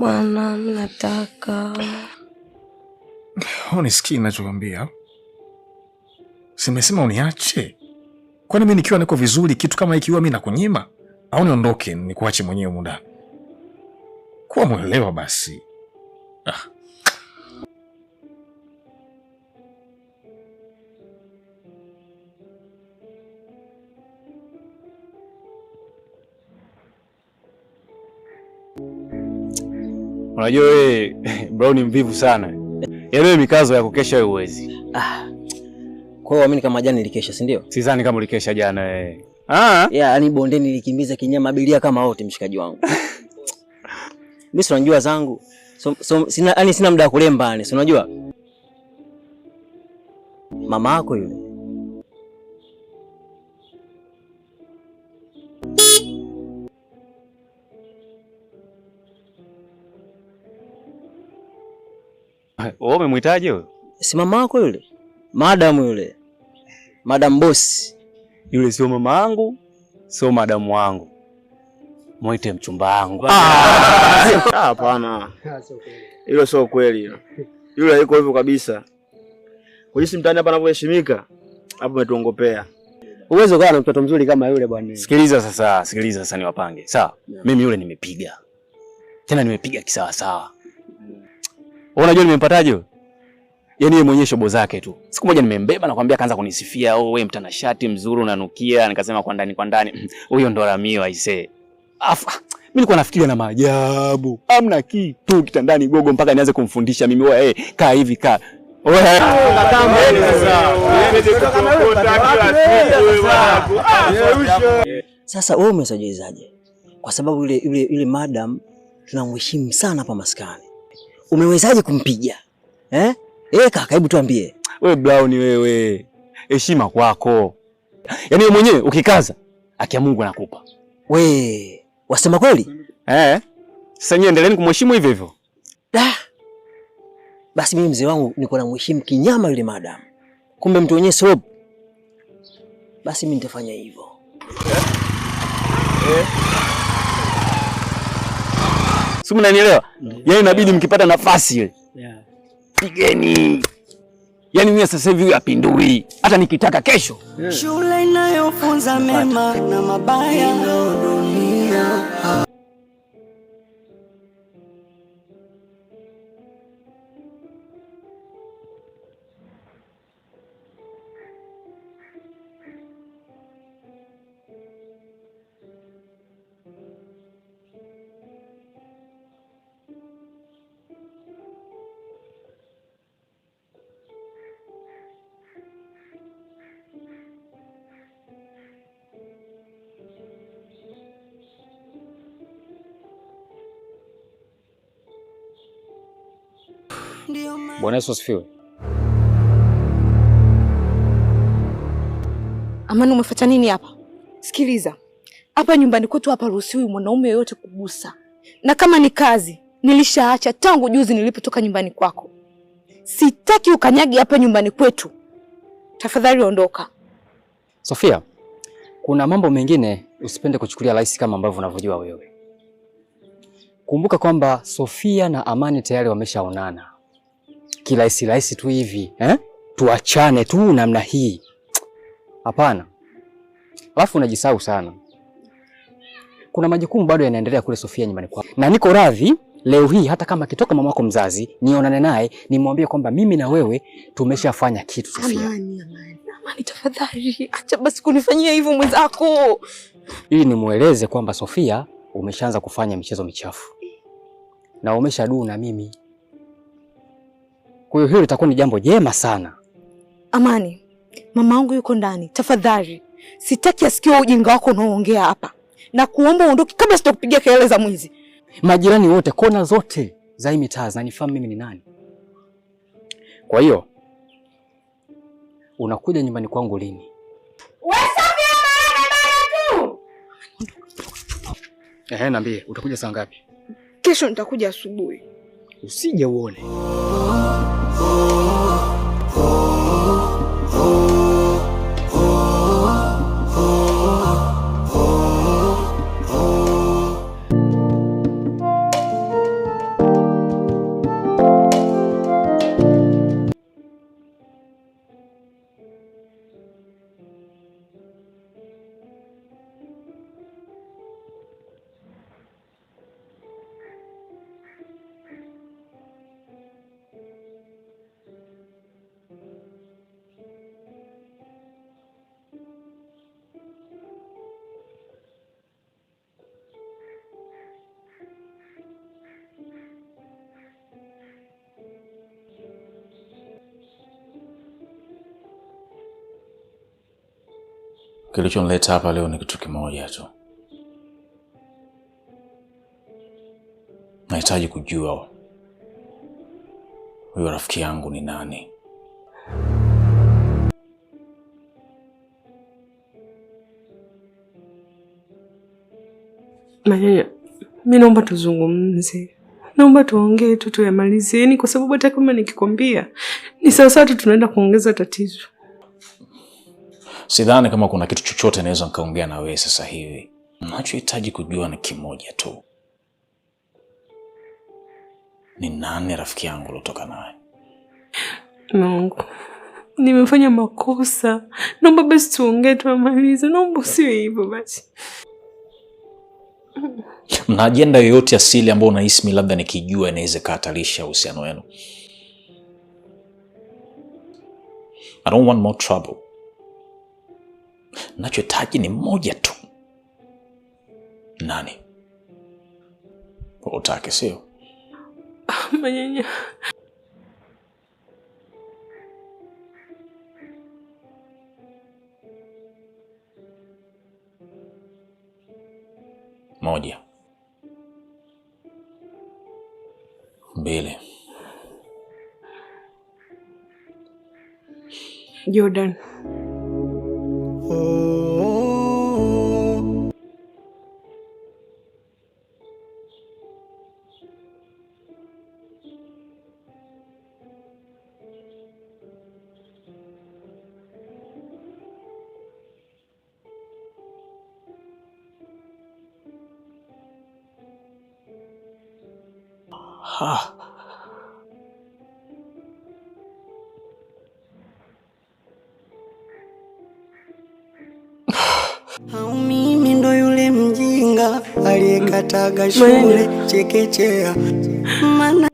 Bwana, mnataka unisikii ninachokwambia? Simesema uniache. Kwani mi nikiwa niko vizuri, kitu kama ikiwa mi nakunyima au niondoke nikuache mwenyewe muda Kuwa mwelewa basi. Ah, Unajua wewe Brown ni mvivu sana. Yaani wewe mikazo ya kukesha wewe uwezi. Ah. Kwa hiyo amini kama jana nilikesha, si ndio? Sidhani kama ulikesha jana wewe. Ah. Yeah, yani bondeni nilikimbiza kinyama bilia kama wote mshikaji wangu. Mimi si unajua zangu. So, so sina yani sina muda wa kulemba yani, si unajua? Mama yako yule. umemhitaji huyo? Si mama yako yule? Madamu yule. Madamu bosi. Yule sio mama yangu, sio madamu wangu. Mwite mchumba wangu. Ah. Ah, hapana. Hilo sio kweli hilo. Yule hivyo kabisa. Kwa jinsi mtani hapa anavyoheshimika, hapo umetuongopea. Uwezo kaa na mtoto mzuri kama yule bwana. Sikiliza sasa, sikiliza sasa niwapange. Sawa. Yeah. Mimi yule nimepiga. Tena nimepiga kisawa sawa. Unajua nimempataje? Yaani yeye mwenyewe shobo zake tu. Siku moja nimembeba na kumwambia kaanza kunisifia, "Oh wewe mtanashati mzuri unanukia." Nikasema kwa ndani kwa ndani, mm, "Huyo ndo Ramio aisee." Afa, mimi nilikuwa nafikiria na maajabu. Hamna kitu kitandani gogo mpaka nianze kumfundisha mimi, "Wewe hey, eh, kaa hivi kaa." sasa. wewe umesajilizaje? Kwa sababu yule yule yule madam tunamheshimu sana hapa maskani. Umewezaje kumpiga? Eh? Eh, kaka, hebu tuambie. Wewe Brown wewe. Heshima kwako. Yaani wewe mwenyewe ukikaza, akia Mungu anakupa. We, wasema kweli? Eh. Sasa nyinyi endeleeni kumheshimu hivyo hivyo. Da. Basi mimi mzee wangu niko na mheshimu kinyama yule madamu. Kumbe mtu mwenyewe slob. Basi mimi nitafanya hivyo. Eh? Eh. Sio mnanielewa? Yaani inabidi mkipata nafasi ile. Yeah pigeni. Yaani mimi sasa hivi yapindui, hata nikitaka kesho. Shule inayofunza mema na mabaya Ndio maana. Bwana Yesu asifiwe. Amani, umefuata nini hapa? Sikiliza, hapa nyumbani kwetu hapa ruhusiwi mwanaume yoyote kugusa, na kama ni kazi nilishaacha tangu juzi nilipotoka nyumbani kwako. Sitaki ukanyagi hapa nyumbani kwetu, tafadhali ondoka. Sofia, kuna mambo mengine usipende kuchukulia rahisi kama ambavyo unavyojua wewe. Kumbuka kwamba Sofia na Amani tayari wameshaonana, kirahisi rahisi tu hivi eh? Tuachane tu namna hii, hapana. Alafu unajisahau sana, kuna majukumu bado yanaendelea kule Sofia nyumbani kwako, na niko radhi leo hii hata kama akitoka mama wako mzazi, nionane naye nimwambie kwamba mimi na wewe tumeshafanya kitu Sofia. Amani, amani, amani, tafadhali acha basi kunifanyia hivyo mwenzako, ili nimweleze kwamba Sofia, umeshaanza kufanya michezo michafu na umeshadu na mimi kwa hiyo hilo litakuwa ni jambo jema sana. Amani, mama wangu yuko ndani, tafadhali sitaki asikie ujinga wako unaoongea hapa, na kuomba uondoke kabla sitakupigia kelele za mwizi. Majirani wote kona zote za hii mitaa zinanifahamu mimi ni nani. Kwa hiyo unakuja nyumbani kwangu lini? Ehe, niambie utakuja saa ngapi? Kesho nitakuja asubuhi, usije uone Oh. Kilichomleta hapa leo ni kitu kimoja tu, nahitaji kujua huyo rafiki yangu ni nani. Manyanya, mi naomba tuzungumze, naomba tuongee tu, tuyamalize, yaani kwa sababu hata kama nikikwambia ni sawasawa tu tunaenda kuongeza tatizo. Sidhani kama kuna kitu chochote naweza nikaongea na wewe sasa hivi. Nachohitaji kujua ni kimoja tu, ni nani rafiki yangu uliotoka naye? Mungu, nimefanya makosa, naomba basi tuongee, tumalize. Naomba usiwe hivyo basi. Mna ajenda yoyote asili ambayo unaismi labda nikijua inaweza ikahatarisha uhusiano wenu? I don't want more trouble nachohitaji ni mmoja tu. Nani? Utake sio? Ah, manyenya Moja, mbili. Jordan. Ah. aliyekataga shule chekechea mana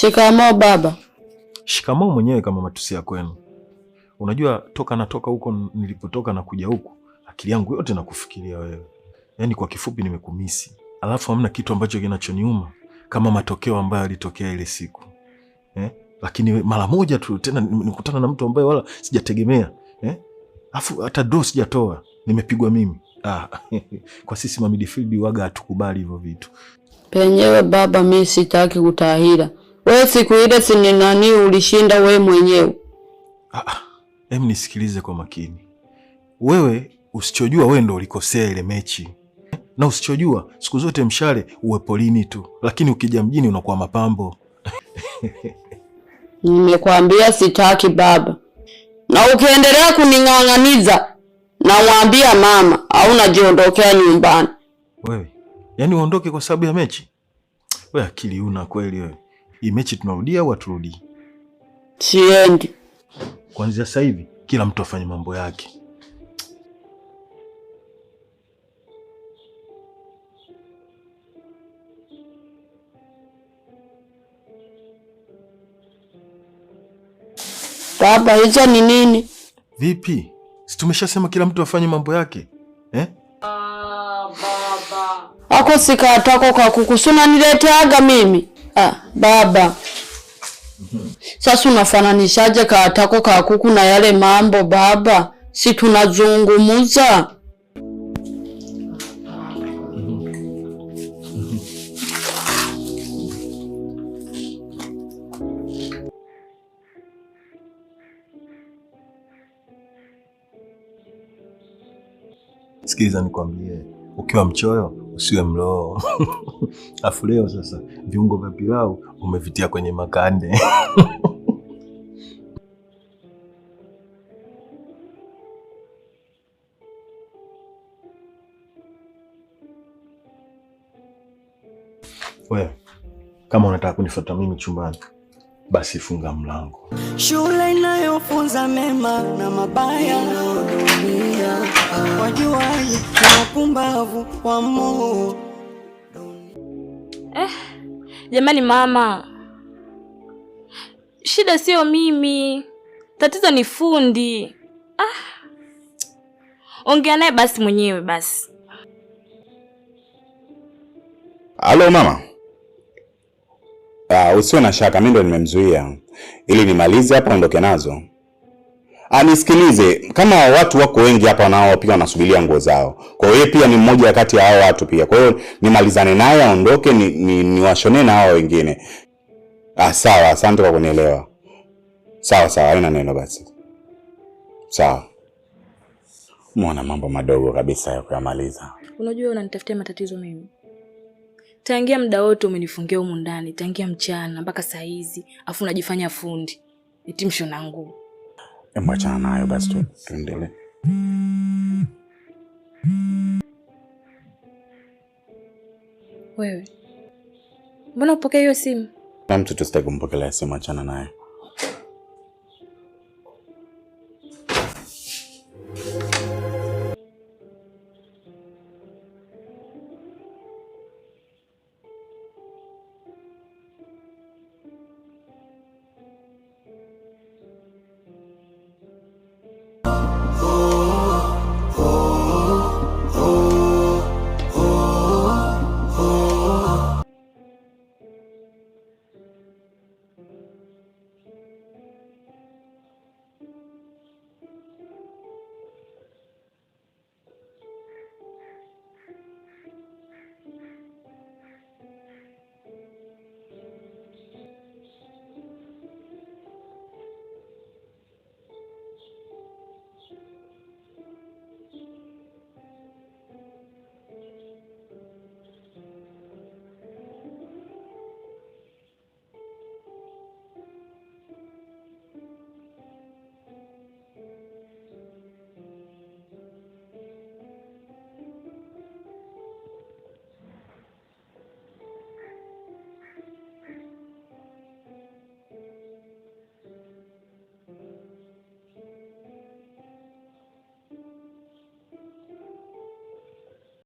Shikamoo baba. Shikamoo mwenyewe kama matusi ya kwenu. Unajua toka natoka huko nilipotoka na kuja huku, akili yangu yote nakufikiria wewe. Yaani kwa kifupi nimekumisi. Alafu hamna kitu ambacho kinachoniuma kama matokeo ambayo yalitokea ile siku. Eh? Lakini mara moja tu tena nikutana na mtu ambaye wala sijategemea, eh? Afu hata draw sijatoa, nimepigwa mimi. Ah, kwa sisi ma midfield waga hatukubali hivyo vitu. Penyewe baba, mimi sitaki kutahira. Wewe siku ile sini nani ulishinda wewe mwenyewe. Ah, ah hem nisikilize kwa makini. Wewe usichojua wewe ndo ulikosea ile mechi. Na usichojua siku zote mshale uwe polini tu, lakini ukija mjini unakuwa mapambo. Nimekwambia sitaki baba, na ukiendelea kuning'ang'aniza namwambia mama au najiondokea nyumbani. Wewe yani uondoke kwa sababu ya mechi? Wewe akili una kweli wewe. Hii mechi tunarudia au aturudi Siendi. Kuanzia sasa hivi kila mtu afanye mambo yake. Baba, hizo ni nini? Vipi? Si tumeshasema kila mtu afanye mambo yake eh? Baba. Ako sikatako kwa kukusuna si mimi Ah, baba sasa unafananishaje katako ka kuku na yale mambo baba? Si tunazungumza Sikiliza nikwambie ukiwa mchoyo usiwe mloo. Afu leo sasa viungo vya pilau umevitia kwenye makande. Wewe kama unataka kunifuata mimi chumbani basi funga mlango. Shule inayofunza mema na mabaya, wajuaji na wapumbavu wa moo. Eh, jamani, mama, shida sio mimi, tatizo ni fundi. Ah, ongea naye basi mwenyewe basi. Halo mama Uh, ah, usiwe na shaka, mimi ndo nimemzuia ili nimalize hapa, ondoke nazo. Anisikilize, ah, kama watu wako wengi hapa nao pia wanasubiria nguo zao, kwa hiyo pia ni mmoja kati ya hao watu pia. Kwa hiyo nimalizane naye aondoke, niwashonee ni, ni na hao wengine. Ah, sawa, asante kwa kunielewa. Sawa sawa, haina neno. Basi sawa. Muona mambo madogo kabisa ya kuyamaliza. Unajua unanitafutia matatizo mimi Tangia muda wote umenifungia humu ndani, tangia mchana mpaka saa hizi, afu unajifanya fundi eti mshona nguo. Hebu achana nayo basi tu, tuendelee. Wewe mbona upokea hiyo simu? Na mtoto sitaki kumpokelea simu, achana naye.